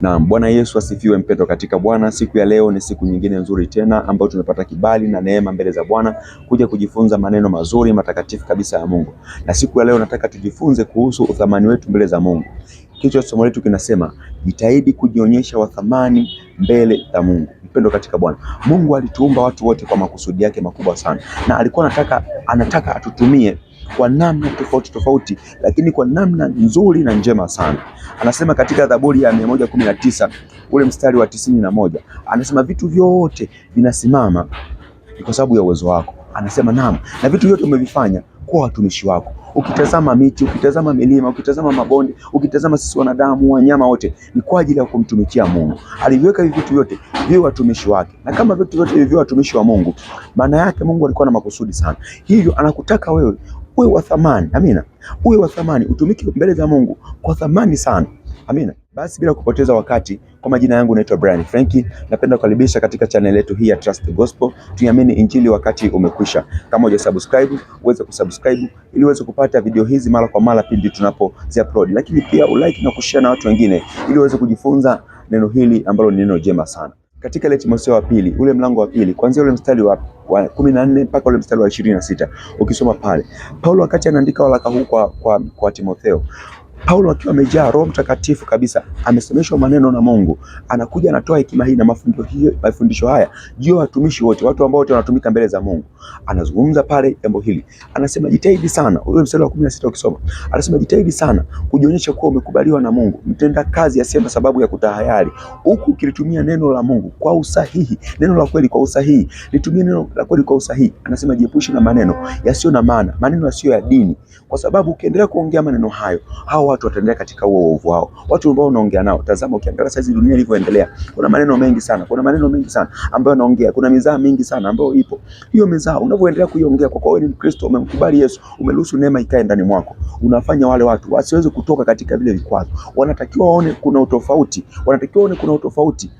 Naam, Bwana Yesu asifiwe mpendwa katika Bwana. Siku ya leo ni siku nyingine nzuri tena ambayo tumepata kibali na neema mbele za Bwana kuja kujifunza maneno mazuri matakatifu kabisa ya Mungu. Na siku ya leo nataka tujifunze kuhusu uthamani wetu mbele za Mungu. Kichwa cha somo letu kinasema jitahidi kujionyesha wa thamani mbele za Mungu. Mpendo katika Bwana, Mungu alituumba watu wote kwa makusudi yake makubwa sana, na alikuwa anataka anataka atutumie kwa namna tofauti tofauti, lakini kwa namna nzuri na njema sana. Anasema katika Zaburi ya 119 ule mstari wa tisini na moja anasema vitu vyote vinasimama kwa sababu ya uwezo wako. Anasema naam, na vitu vyote umevifanya kwa watumishi wako. Ukitazama miti, ukitazama milima, ukitazama mabonde, ukitazama sisi wanadamu, wanyama wote ni kwa ajili ya kumtumikia Mungu. Aliviweka hivi vitu vyote viwe watumishi wake, na kama vitu vyote hivi viwe watumishi wa Mungu, maana yake Mungu alikuwa na makusudi sana. Hivyo anakutaka wewe uwe wa thamani. Amina, uwe wa thamani, utumike mbele za Mungu kwa thamani sana. Amina. Basi bila kupoteza wakati, kwa majina yangu naitwa Brian Franki. Napenda kukaribisha katika channel yetu hii ya Trust the Gospel. Tuamini Injili, wakati umekwisha. Kama hujasubscribe, uweze kusubscribe ili uweze kupata video hizi mara kwa mara pindi tunapozi upload. Lakini pia ulike na kushare na watu wengine ili uweze kujifunza neno hili ambalo ni neno jema sana katika ile Timotheo wa pili ule mlango wa pili kuanzia ule mstari wa wa kumi na nne mpaka ule mstari wa ishirini na sita ukisoma pale Paulo wakati anaandika waraka huu kwa, kwa, kwa Timotheo Paulo akiwa amejaa Roho Mtakatifu kabisa, amesomeshwa maneno na Mungu, anakuja anatoa hekima hii na mafundisho hiyo, mafundisho haya juu ya watumishi wote, watu ambao wote wanatumika mbele za Mungu. Anazungumza pale jambo hili, anasema jitahidi sana, ule mstari wa 16 ukisoma, anasema jitahidi sana kujionyesha kuwa umekubaliwa na Mungu, mtenda kazi asiye na sababu ya kutahayari, huku ukilitumia neno la Mungu kwa usahihi, neno la kweli kwa usahihi, litumie neno la kweli kwa usahihi. Anasema jiepushe na maneno yasiyo na maana, maneno yasiyo ya dini, kwa sababu ukiendelea kuongea maneno hayo hawa watu wataendelea katika huo uovu wao. Watu ambao unaongea nao, tazama, ukiangalia saizi dunia ilivyoendelea, kuna maneno mengi sana, kuna maneno mengi sana ambayo anaongea, kuna mizaa mingi sana ambayo ipo. Hiyo mizaa unavyoendelea kuiongea, kwa kuwa wewe ni Mkristo, umemkubali Yesu, umeruhusu neema ikae ndani mwako, unafanya wale watu wasiweze kutoka katika vile vikwazo. Wanatakiwa waone kuna utofauti, wanatakiwa waone kuna utofauti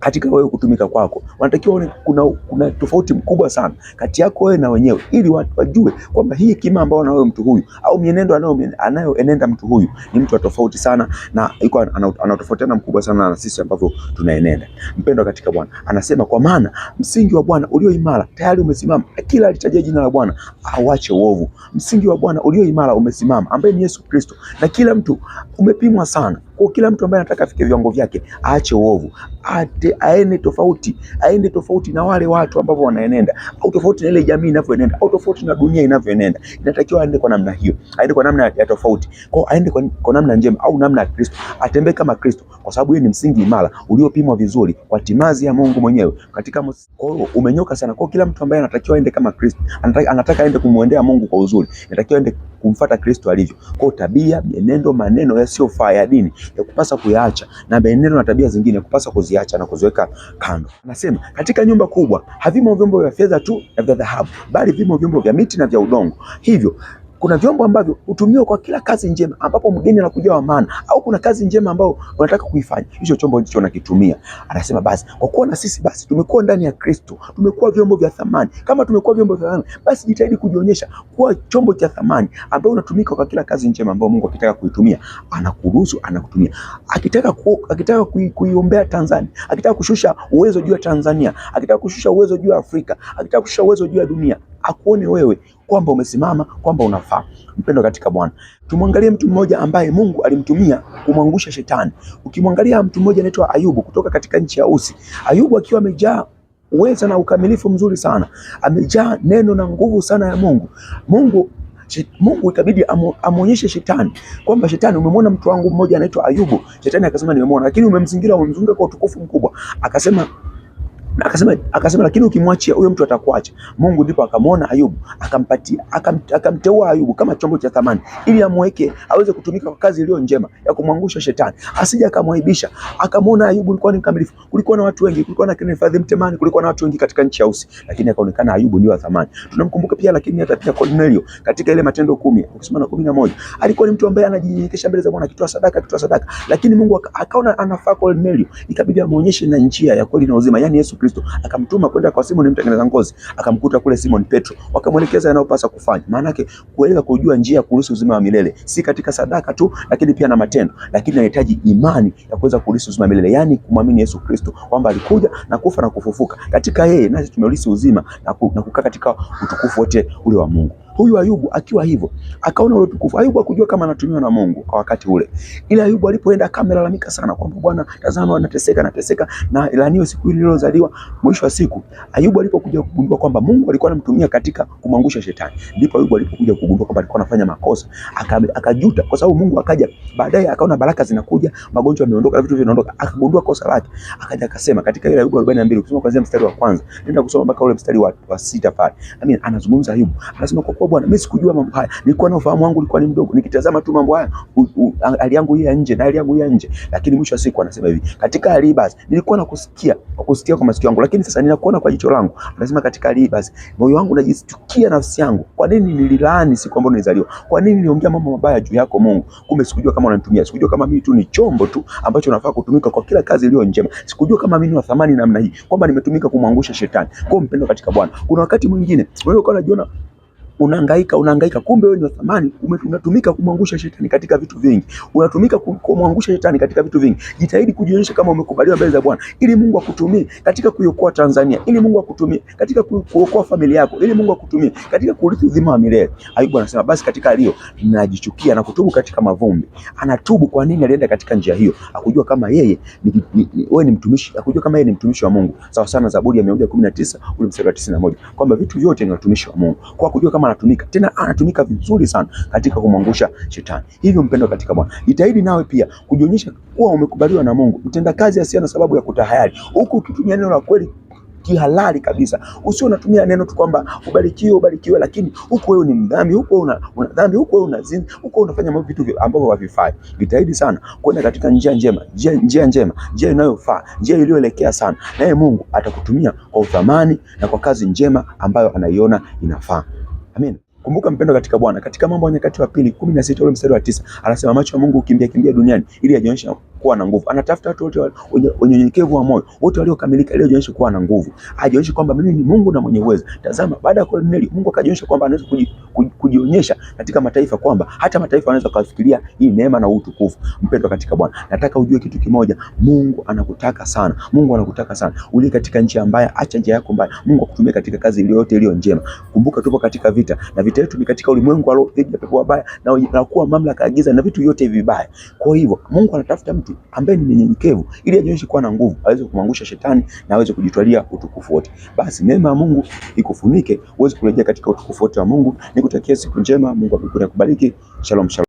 katika wewe kutumika kwako. Wanatakiwa kuna, kuna tofauti mkubwa sana kati yako wewe na wenyewe, ili watu wajue kwamba hii hekima ambayo anayo mtu huyu au mienendo anayoenenda mtu huyu ni mtu wa tofauti sana, na iko anatofautiana mkubwa sana na sisi ambavyo tunaenenda. Mpendwa katika Bwana, anasema kwa maana msingi wa Bwana ulio imara tayari umesimama, kila alitajia jina la Bwana awache uovu. Msingi wa Bwana ulio imara umesimama, ambaye ni Yesu Kristo, na kila mtu umepimwa sana kwa kila mtu ambaye anataka afike viwango vyake, aache uovu, ate aende tofauti, aende tofauti na wale watu ambao wanaenenda, au tofauti na ile jamii inavyoenenda, au tofauti na dunia inavyoenenda. Inatakiwa aende kwa namna hiyo, aende kwa namna ya tofauti, kwa aende kwa, kwa namna njema au namna ya Kristo, atembee kama Kristo, kwa sababu yeye ni msingi imara uliopimwa vizuri kwa timazi ya Mungu mwenyewe katika mkono umenyoka sana. Kwa kila mtu ambaye anatakiwa aende kama Kristo, anataka, anataka aende kumuendea Mungu kwa uzuri, anatakiwa aende kumfuata Kristo alivyo, kwa tabia, mienendo, maneno yasiyofaa ya dini ya kupasa kuyaacha na maenendo na tabia zingine kupasa kuziacha na kuziweka kando. Anasema katika nyumba kubwa havimo vyombo vya fedha tu na vya dhahabu, bali vimo vyombo vya miti na vya udongo. Hivyo kuna vyombo ambavyo hutumiwa kwa kila kazi njema ambapo mgeni anakuja wa maana au kuna kazi njema ambayo unataka kuifanya, hicho chombo ndicho nakitumia. Anasema basi kwa kuwa na sisi basi tumekuwa ndani ya Kristo, tumekuwa vyombo vya thamani. Kama tumekuwa vyombo vya thamani, basi jitahidi kujionyesha kuwa chombo cha thamani ambayo unatumika kwa kila kazi njema ambayo Mungu akitaka kuitumia anakuruhusu, anakutumia. Akitaka ku, akitaka kui, kuiombea Tanzania, akitaka kushusha uwezo juu ya Tanzania, akitaka kushusha uwezo juu ya Afrika, akitaka kushusha uwezo juu ya dunia, akuone wewe kwamba umesimama, kwamba unafaa. Mpendo katika Bwana, tumwangalie mtu mmoja ambaye Mungu alimtumia kumwangusha shetani. Ukimwangalia mtu mmoja anaitwa Ayubu kutoka katika nchi ya Usi. Ayubu akiwa amejaa uweza na ukamilifu mzuri sana, amejaa neno na nguvu sana ya Mungu. Mungu Mungu itabidi amwonyeshe shetani kwamba shetani, umemwona mtu wangu mmoja anaitwa Ayubu. Shetani akasema nimemwona, lakini umemzingira, umemzunguka kwa utukufu mkubwa, akasema na Akasema, akasema lakini ukimwachia huyo mtu atakuacha. Mungu ndipo akamwona Ayubu, akampatia akamteua Ayubu kama chombo cha thamani ili amweke aweze kutumika kwa kazi iliyo njema ya kumwangusha shetani, asije akamwaibisha. Akamwona Ayubu alikuwa ni mkamilifu. Kulikuwa na watu wengi, kulikuwa na kina Mtemani, kulikuwa na watu wengi katika nchi ya Usi, lakini akaonekana Ayubu ndio wa thamani. Tunamkumbuka pia lakini hata pia Cornelio katika ile Matendo kumi ukisoma na kumi na moja alikuwa ni mtu ambaye anajinyenyekesha mbele za Bwana akitoa sadaka, akitoa sadaka, lakini Mungu akaona anafaa Cornelio, ikabidi amuonyeshe na njia ya kweli na uzima, yani Yesu Kristo, akamtuma kwenda kwa simon mtengeneza ngozi, akamkuta kule Simon Petro, wakamwelekeza yanayopasa kufanya. Maana yake kueleka kujua njia kuhusu uzima wa milele, si katika sadaka tu, lakini pia na matendo, lakini inahitaji imani ya kuweza kuurithi uzima wa milele, yaani kumwamini Yesu Kristo kwamba alikuja na kufa na kufufuka, katika yeye nasi tumeulisi uzima na kukaa katika utukufu wote ule wa Mungu. Huyu Ayubu akiwa hivyo akaona ule utukufu. Ayubu hakujua kama anatumiwa na Mungu kwa wakati ule, ila Ayubu alipoenda akamelalamika sana kwamba Bwana, tazama anateseka anateseka na ilaniwe siku ile iliyozaliwa. Mwisho wa siku Ayubu alipokuja kugundua kwamba Mungu alikuwa anamtumia katika kumwangusha shetani, ndipo Ayubu alipokuja kugundua kwamba alikuwa anafanya makosa, akajuta kwa sababu Mungu akaja baadaye, akaona baraka zinakuja, magonjwa yameondoka na vitu vinaondoka, akagundua kosa lake, akaja akasema katika ile Ayubu 42 kusoma kuanzia mstari wa kwanza, nenda kusoma mpaka ule mstari wa, wa sita pale, anazungumza Ayubu anasema kwa kuwa Oh, bwana, mimi sikujua mambo haya, nilikuwa na ufahamu wangu ulikuwa ni mdogo, nikitazama tu mambo haya, hali yangu hii ya nje na hali yangu ya nje. Lakini mwisho wa siku anasema hivi, katika hali basi nilikuwa nakusikia, kusikia kwa masikio yangu, lakini sasa ninakuona kwa jicho langu. Anasema katika hali basi moyo wangu najistukia nafsi yangu, kwa nini nililaani siku ambayo nilizaliwa? Kwa nini niliongea mambo mabaya juu yako Mungu? Kumbe sikujua kama unanitumia, sikujua kama mimi tu ni chombo tu ambacho nafaa kutumika kwa kila kazi iliyo njema, sikujua kama mimi ni wa thamani namna hii, kwamba nimetumika kumwangusha shetani. Kwa mpendo katika Bwana, kuna wakati mwingine unaweza ukawa unajiona unahangaika unahangaika, kumbe wewe ni wa thamani. Unatumika kumwangusha shetani katika vitu vingi, unatumika kumwangusha shetani katika vitu vingi. Jitahidi kujionyesha kama umekubaliwa mbele za Bwana, ili Mungu akutumie katika kuiokoa Tanzania, ili Mungu akutumie katika kuokoa familia yako, ili Mungu akutumie katika kurithi uzima wa milele. Ayubu anasema basi katika alio ninajichukia na kutubu katika mavumbi. Anatubu. Kwa nini alienda katika njia hiyo? Akujua kama yeye ni, ni, ni, wewe ni mtumishi, akujua kama yeye ni mtumishi wa Mungu, sawa sana Zaburi ya 119 ule mstari wa 91 kwamba vitu vyote ni watumishi wa Mungu, kwa kujua kama anatumika tena, anatumika vizuri sana katika kumwangusha shetani. Hivyo mpendwa katika Bwana, jitahidi nawe pia kujionyesha kuwa umekubaliwa na Mungu, mtendakazi asiye na sababu ya kutahayari, huku ukitumia neno la kweli kihalali kabisa. Usio unatumia neno tu kwamba ubarikiwe ubarikiwe, lakini huko wewe ni mdhambi, huko una, una dhambi, huko wewe unazini, huko unafanya mambo vitu ambavyo havifai. Jitahidi sana kwenda katika njia njema, njia, njia njema, njia inayofaa, njia iliyoelekea sana, naye Mungu atakutumia kwa uthamani na kwa kazi njema ambayo anaiona inafaa. Amen. Kumbuka mpendo katika Bwana, katika Mambo ya Nyakati wa Pili 16 ule mstari wa tisa anasema macho ya Mungu hukimbia kimbia duniani ili ajionyeshe kuwa na nguvu, anatafuta watu wote wenye unyenyekevu wa moyo, wote waliokamilika, ili ajionyeshe kuwa na nguvu, ajionyeshe kwamba mimi ni Mungu na mwenye uwezo. Tazama, baada ya Kornelio, Mungu akajionyesha kwamba anaweza kujionyesha katika mataifa, kwamba hata mataifa wanaweza kufikiria hii neema na utukufu. Mpendwa katika Bwana, nataka ujue kitu kimoja, Mungu anakutaka sana, Mungu anakutaka sana. Uli katika nchi mbaya, acha njia yako mbaya, Mungu akutumie katika kazi iliyoyote iliyo njema. Kumbuka tupo katika vita, na vita yetu ni katika ulimwengu wa roho, dhidi ya pepo wabaya na kuwa mamlaka ya giza na vitu vyote vibaya. Kwa hivyo Mungu anatafuta mtu mtu ambaye ni mnyenyekevu, ili ajionyeshe kuwa na nguvu, aweze kumwangusha shetani na aweze kujitwalia utukufu wote. Basi neema ya Mungu ikufunike uweze kurejea katika utukufu wote wa Mungu. Nikutakia siku njema, Mungu akubariki. Shalom, shalom.